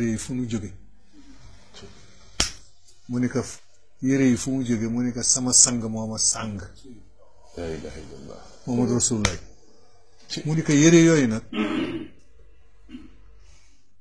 yére yi fu mu jóge mu ni ko yére yi fu mu jóge mu ni ko sama sang moo ma sàng Muhammadu Rasulullah mu ni ko yére yooyu nag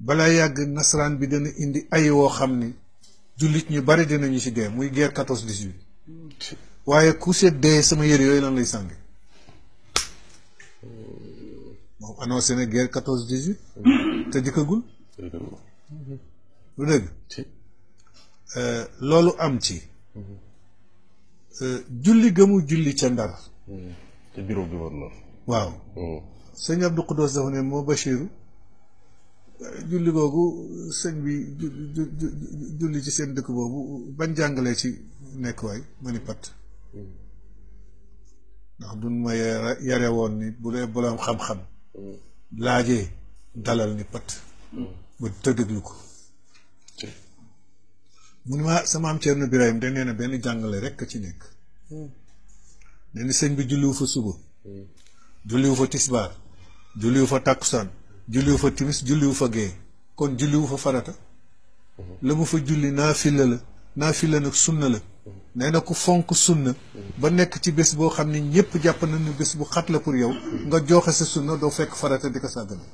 balaa yàgg nasaraan bi dana indi ay woo xam ni jullit ñu bari dinañu ci dee muy guerre quatorze dix waaye ku seet dee sama yére yooyu lan lay sànge moom annoncé na guerre te dikkagul lu dëgg euh, loolu am ci euh, julli gëmu julli ca ndar te hmm. bureau bi woon loolu waaw hmm. ne moo Bachiru euh, julli googu sëñ bi julli ci seen dëkk boobu bañ jàngalee ci nekk waay ma ni pat hmm. ndax duñ ma yare woon ni bu dee boroom xam-xam laajee dalal ni pat ba tëddëglu ko mu ne ma ah, sama am Cerno Birahim da nee benn jàngale rek ci nekk hmm. nee na bi julliwu fa suba hmm. julliwu fa tisbaar julliwu fa takkusaan julliwu fa timis julliwu fa gee kon julliwu fa farata hmm. la fa julli naafila la naafila nag sunna la nee na ku fonk sunna ba nekk ci bés boo xam ne ñëpp jàpp na bés bu xat la pour yow nga joxe sa sunna doo fekk farata di ko sàggane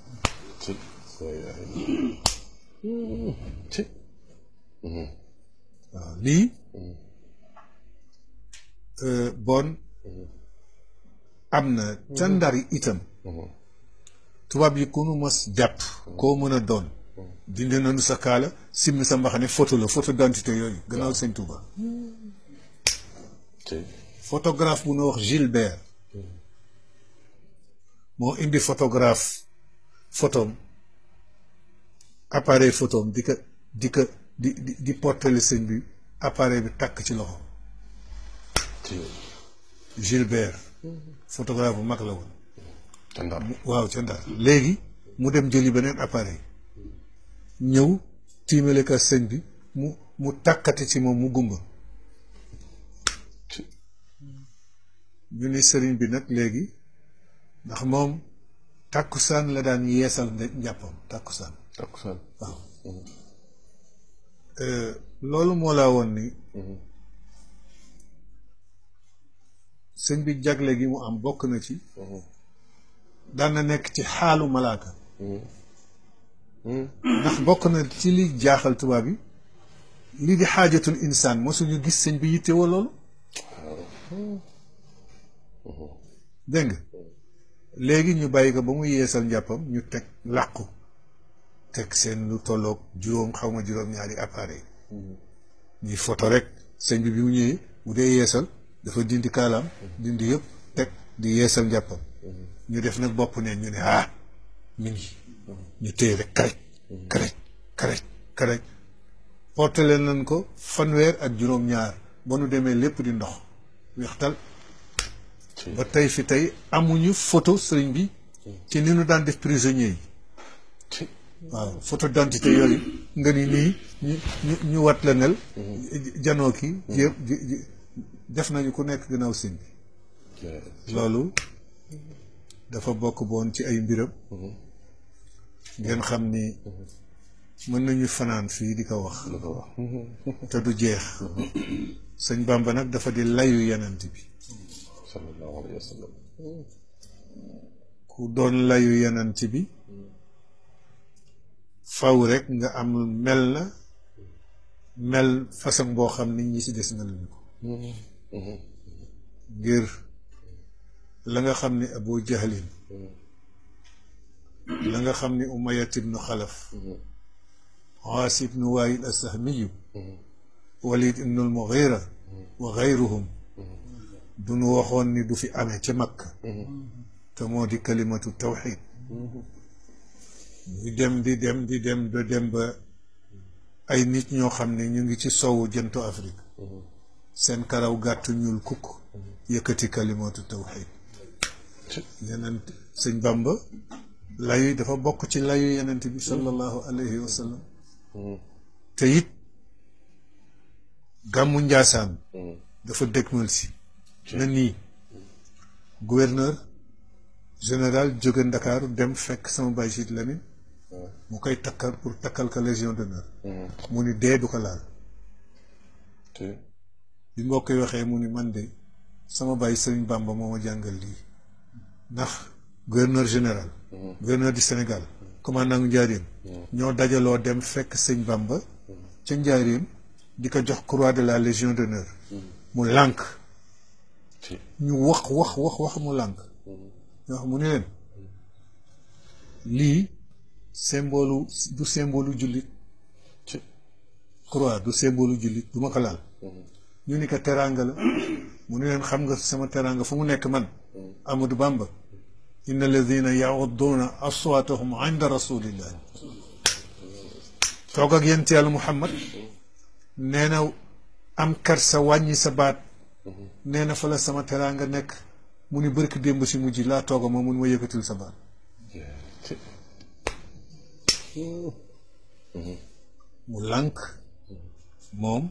waaw lii mm-hmm. euh, bon mm-hmm. am na mm-hmm. ca ndar itam tubaab yi ku nu jàpp koo mën a doon dindi nañu sa kaala simmi sa mbaxane photo la photo d'identité yooyu gannaaw sëñ Touba photographe bu nu wax Gilbert moo indi photographe photom appareil photom di ko di ko di di di sëñ bi appareil bi tàkk ci loxo Gilbert photographe bu mag la woon ca Ndar waaw ca léegi mu dem jëli beneen appareil ñëw tiimale ka sëñ bi mu mu takkati ci moom mu gumba ñu ni sëriñ bi nag léegi ndax moom tàkkusaan la daan yeesal njàppam tàkkusaan tàkkusaan waaw mhm. loolu moo laa woon ni mhm. sëñ bi jagle gi mu am bokk na ci mhm. daan na nekk ci xaalu malaaka mhm. ndax bokk na ci li jaaxal tubaab yi lii di xaajatul insaan mosuñu gis sëñ bi yittewoo loolu dégg léegi ñu bàyyi ko ba mu yeesal njàppam ñu teg làqu teg seen lu tolloog juróom xaw ma juróom-ñaari appareil ñuy photo rek sëñ bi bi mu ñëwee bu dee yeesal dafa dindi kaalaam dindi yëpp teg di yeesal njàppam ñu def nag bopp neen ñu ne ah mi ngi ñu téye rek karaj karaj karaj karaj portele nañ ko fanweer ak juróom-ñaar ba nu demee lépp di ndox wextal ba tey fi tey amuñu photo sëriñ bi ci ni nu daan def prisonnier yi waaw photo d'identité yooyu nga ni nii ñu ñu wat la nel janoo ki def nañu ku nekk gannaaw sin bi loolu dafa bokk boon ci ay mbiram mhm. ngeen xam ni mën nañu fanaan fii di ko wax te du jeex sëñ Bàmba nag dafa di layu yenent bi sallallahu alayhi ku doon layu yenent bi faw rek nga am mel na mel façon boo xam ni ñi si des mel nañ ko ngir la nga xam ni abu jahlin la nga xam ni umayat ibnu xalaf aas ibnu waayil assahmiyu walid ibnu almugira wa gayruhum du nu waxoon ni du fi amee ca makka te moo di kalimatu tawxid muy dem di dem di dem ba dem ba ay nit ñoo xam ne ñu ngi ci sowu jëntu Afrique seen karaw gàttu ñuul kukk yëkkati kalimatu tawxid yeneen sëñ Bamba layu dafa bokk ci layu yenent bi sallallahu alayhi wa sallam gàmmu Njaasaan dafa dëgmal si na nii gouverneur général jóge Ndakaaru dem fekk sama bay sit mu koy takkal pour takkal ko légion d'honneur mhm. mu ni dee du ko laal bi moo koy waxee mu ni man de sama bàyyi Sëriñ Bamba moo ma jàngal lii ndax gouverneur général mhm. gouverneur du Sénégal commandant gu Njaaréem mhm. ñoo dajaloo dem fekk Sëñ Bamba ca Njaaréem di ko jox croix de la légion d'honneur mu lànk ñu wax wax wax wax mu lànk ñu wax mu ni leen lii symbolu du symbolu jullit croix du symbolu jullit du ma ko laal ñu ni ko teraanga la mu ne leen xam nga sama teraanga fu mu nekk man bàmb Amadou Bamba inna alladina yahudduuna aswaatahum inda rasulillah toog ak yent yàlla Muhammad nee na am kar sa wàññi sa baat nee na fa la sama teraanga nekk mu ni bërk démb si mujj laa tooga ma mun ma yëkkatil sa baat Mhm. mu lànk moom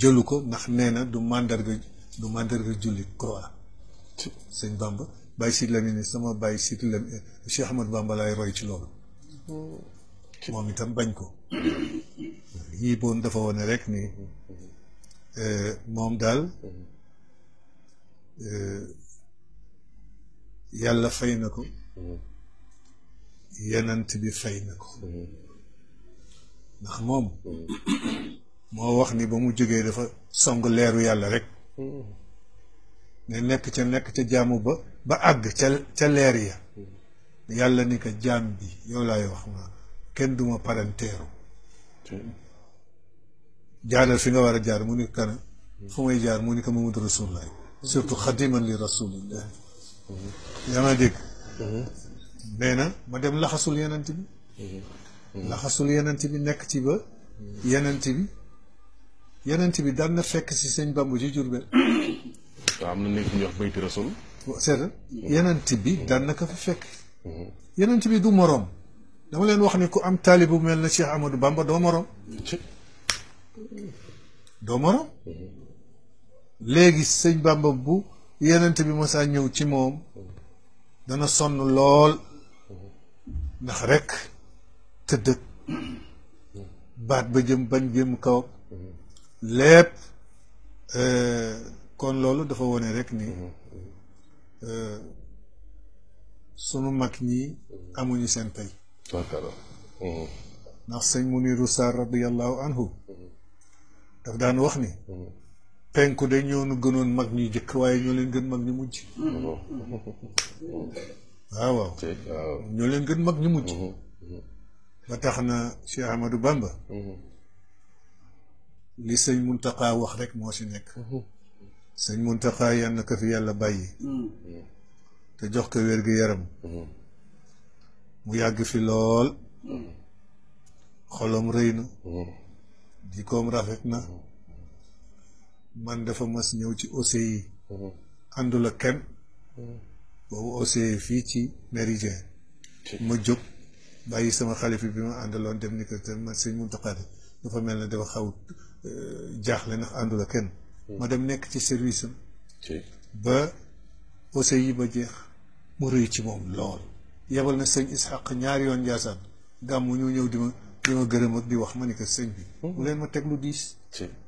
jëlu ko ndax nee na du màndarga du màndarga jullit croix sëñ Bamba Baye Sidi Lamine ni sama Baye Sidi Lamine Cheikh Ahmadou Bamba laay roy ci loolu mhm. moom itam bañ ko yii dafa wone rek ni euh, moom daal mhm. euh, yàlla fay na ko yenant bi fay na ko mm-hmm. ndax moom moo wax ni ba mu jógee dafa song leeru yàlla rek mm-hmm. ne nekk ca nekk ca jaamu ba ba àgg ca ca leer ya mm-hmm. yàlla ni ko jaam bi yow laay wax ma kenn duma parenteeru jaaral fi nga war a jaar mu ni kana fu may jaar mu ni ko Muhammadu Rasulullah surtout xadiman li yaa ma dégg nee na ma dem laxasul yenent bi laxasul yenent bi nekk ci ba yenent bi yenent bi daan na fekk si sëñ bamb ci Jurbel waaw am na nekk ñuy wax bayti rasul seeta mm-hmm. yenent bi mm-hmm. daan na ko fa fekk mm-hmm. yenent bi du moroom dama leen wax ni ku am bu mel na Cheikh Amadou Bamba doo moroom doo léegi sëñ Bamba bu yenent bi mosaa ñëw ci moom dana sonn lool ndax rekk tëddët baat ba jëm bañ jëm kaw lépp kon loolu dafa wone rek ni sunu mag ñi amuñu seen pay ndax sëñ Muniru Sarr radiallahu anhu daf daan wax ni penku de ñoo nu gënoon mag ñu jëkk waaye ñoo leen gën mag ñi mujj Ah, waaw waaw ñoo leen gën mag ñu mhm. Mhm. ba tax na Bamba mhm. li sëñ Muntaqa wax rek moo si nekk sëñ Muntaqa yal fi yàlla bàyyi te jox ko wér gi yaram mu yàgg fi lool xolom rëy na jikkoom rafet na man dafa mas ñëw ci yi kenn boobu aussi fii ci méridien ma jóg bàyyi sama xalifa bi ma àndaloon dem ni ko man sëñ Muntaxa dafa mel ne dafa xaw euh, jaaxle ndax àndul ak kenn hmm. ma dem nekk ci service am ba aussi yi ma jeex mu rëy ci moom lool yebal na sëñ Ishaq ñaari yoon Njaasaan gàmmu ñoo ñëw di ma di ma gërëm ak di wax ma ni ko sëñ bi hmm. bu leen ma teg lu diis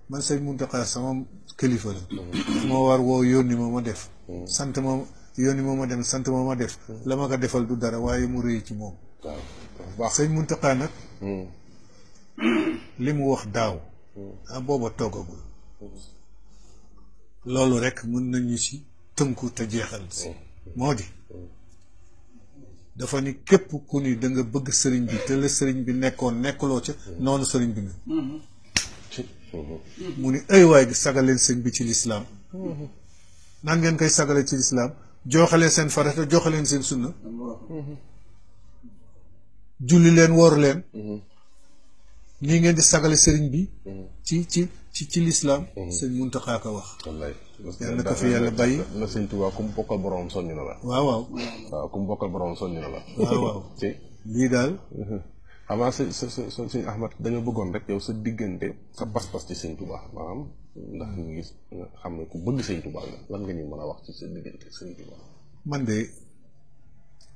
man sëñ Muntaxa sama kilifa la hmm. moo war woo yónni ma ma def sant ma yoon yi moom ma dem sant moo ma def hmm. la ma ko defal du dara waaye mu rëy ci moom waaw sëñ Muntaxa nag hmm. li mu wax daaw hmm. ah booba toogagul loolu rek mën nañu si tënku te jeexal si moo di dafa ni képp ku ni da bëgg sëriñ bi te la sëriñ bi nekkoon nekkuloo ci noonu sëriñ bi mu ni ay waay gi sagaleen sëñ bi ci lislaam naan ngeen koy sagale ci lislaam jooxalee seen farata jooxaleen seen sunna julli leen woor leen lii ngeen di sagale sëriñ bi ci ci ci ci lislaam sëñ Muntaxa ka wax yàlla na ko fi yàlla bàyyi na sëñ Tuubaa ku bokkal boroom la waaw waaw waaw ku soññ na la waaw waaw lii daal avant sa sa sa suñu Ahmad dañoo bëggoon rek yow sa diggante sa pas-pas ci sëñ Tuubaa maanaam ndax ñu ngi xam ne ku bëgg sëñ Tuubaa la lan nga ñu mën a wax ci sa diggante sëñ Tuubaa. man de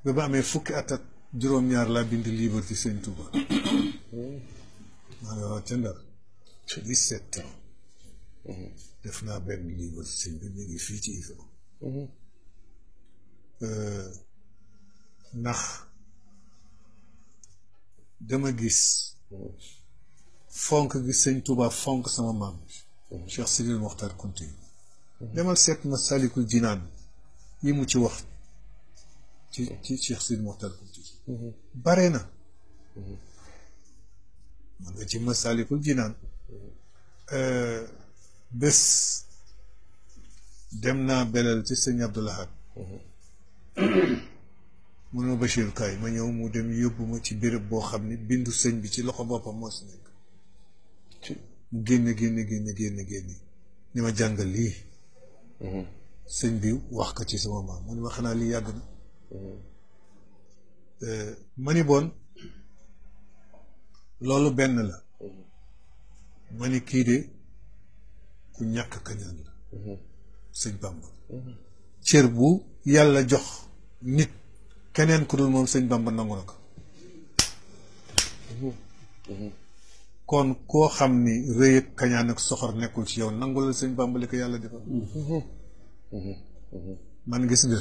ba ma amee fukki at ak juróom-ñaar laa bind livre ci sëñ Tuubaa. maa ngi wax ca Ndar. 17 ans. Mm-hmm. def naa benn livre ci sëñ bi mi ngi fii ci ISRA. Mm-hmm. Euh, ndax. dama gis fonk gi sëñ tubaab fonk sama maam Cheikh Sidil Mokhtar Kounta demal seet Masalikul Jinaan yi mu ci wax ci ci Cheikh Sidil Mokhtar Kounta bare na man nga ci Masalikul Jinaan euh, bés dem naa belal ci sëñ Abdoul munoo Bachir kaay ma ñëw mu dem yóbbu ma ci béréb boo xam ne bindu sëñ bi ci loxo boppam moo si nekk mu génn génn génn génn génn ni ma jàngal lii mhm. sëñ bi wax ko ci sama maam mu ne ma xanaa lii yàgg na mhm. euh, ma ni bon loolu benn la mhm. ma ni kii de ku ñàkk kañaan la sëñ Bàmba cër bu yàlla jox nit keneen ku dul moom sëñ Bamba nangu na ko mhm. Mhm. kon koo xam ni rëy ak kañaan ak soxor nekkul ci yow nangu la sëñ Bamba ko yàlla defal mhm. man gis nga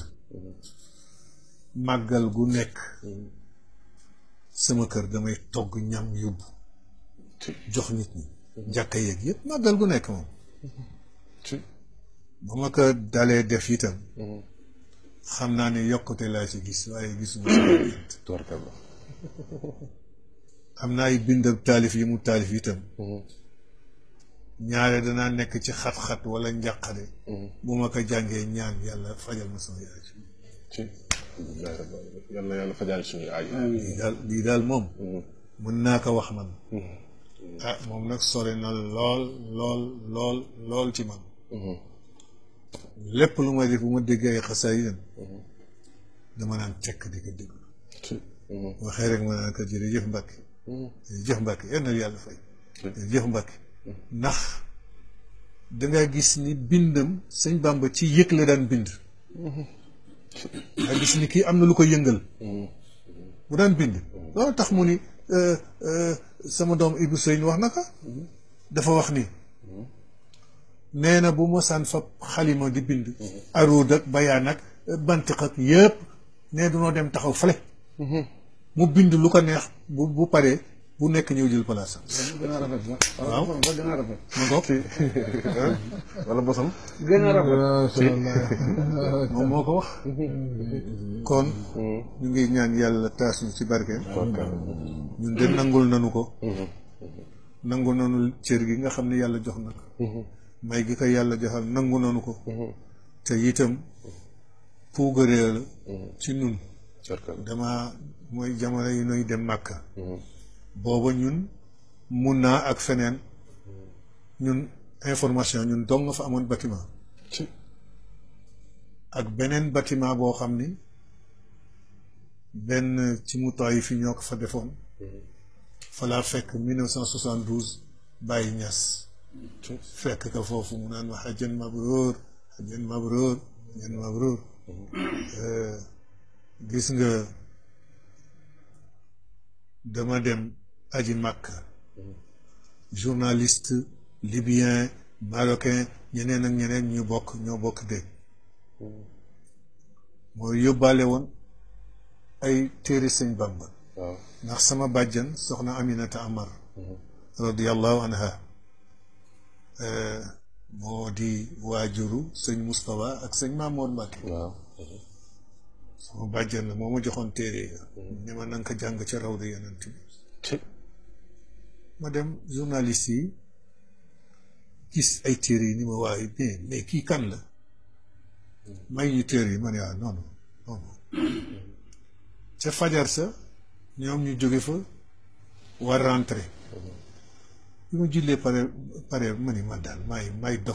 màggal gu nekk sama kër damay togg ñam yóbbu jox nit ñi jàkka yeeg yëpp màggal gu nekk moom ba ma ko dalee def itam xam naa ni yokkute laa ci gis waaye gisuma si bind am na ay bind ak taalif yi mu taalif itam mm-hmm. ñaare danaa nekk ci xat-xat wala njàqare mm-hmm. bu ma ko jàngee ñaan yàlla fajal ma sama yàlla lii daal lii daal moom mm-hmm. mën naa ko wax man ah moom nag sore na lool lool lool lool lool ci man lépp lu may def bu ma déggee xasaayidam dama naan tekk di ko déglu waxee rek ma naan ko jërëjëf Mbàkke jërëjëf Mbàkke yal na yàlla fay jërëjëf Mbàkke ndax dangaa gis ni bindam sëñ Bàmba ci yëg la daan bind dangaa gis ni kii am na lu ko yëngal bu daan bind loolu tax mu ni sama doom Ibou Sëñ wax na ko dafa wax ni nee na bu mosaan fab xalima di bind aruud ak bayaan ak bantiq ak yëpp ne dunoo dem taxaw fale mu bind lu ko neex bu bu paree bu nekk ñëw jël place am. gën a rafet sax. waaw bosam. gën moom moo ko wax. kon. ñu ngi ñaan yàlla taas ñu ci barkeem. ñun de nangul nanu ko. nangul nanu cër gi nga xam ne yàlla jox na may gi yàlla joxal nangu nanu ko mm-hmm. te itam puugaree la mm-hmm. ci nun dama mooy jamono yi nuy dem màkka mm-hmm. booba ñun mun naa ak feneen ñun information ñun dong nga fa amoon bâtiment ak beneen batiment boo xam ni benn ci mu taay fi ñoo ko fa defoon falaa fekk 1972 bàyyi ñas fekk ka foofu mu naan ma xajjan mabroor xajjan mabroor eh, gis nga dama dem aji màkk journaliste libyen marocain ñeneen ak ñeneen ñu bokk ñoo bokk dégg mooy yóbbaale woon ay téere sëñ Bamba ndax sama bàjjan soxna Aminata Amar mm-hmm. radiallahu anha Eh, moo di waajuru sëñ Moustapha ak sëñ Mamour Mbacke. waaw. sama la moo ma joxoon téere yi. Mm-hmm. ne ma na nga ko jàng ca raw de yonent bi. ma dem journaliste yi gis ay téere yi ni ma waaye mais kii kan la. Mm-hmm. may ñu téere yi ma ne ah non non mm-hmm. fajar sa ñoom ñu jóge fa war rentré. bi ma jullee pare pare ma ni man daal dof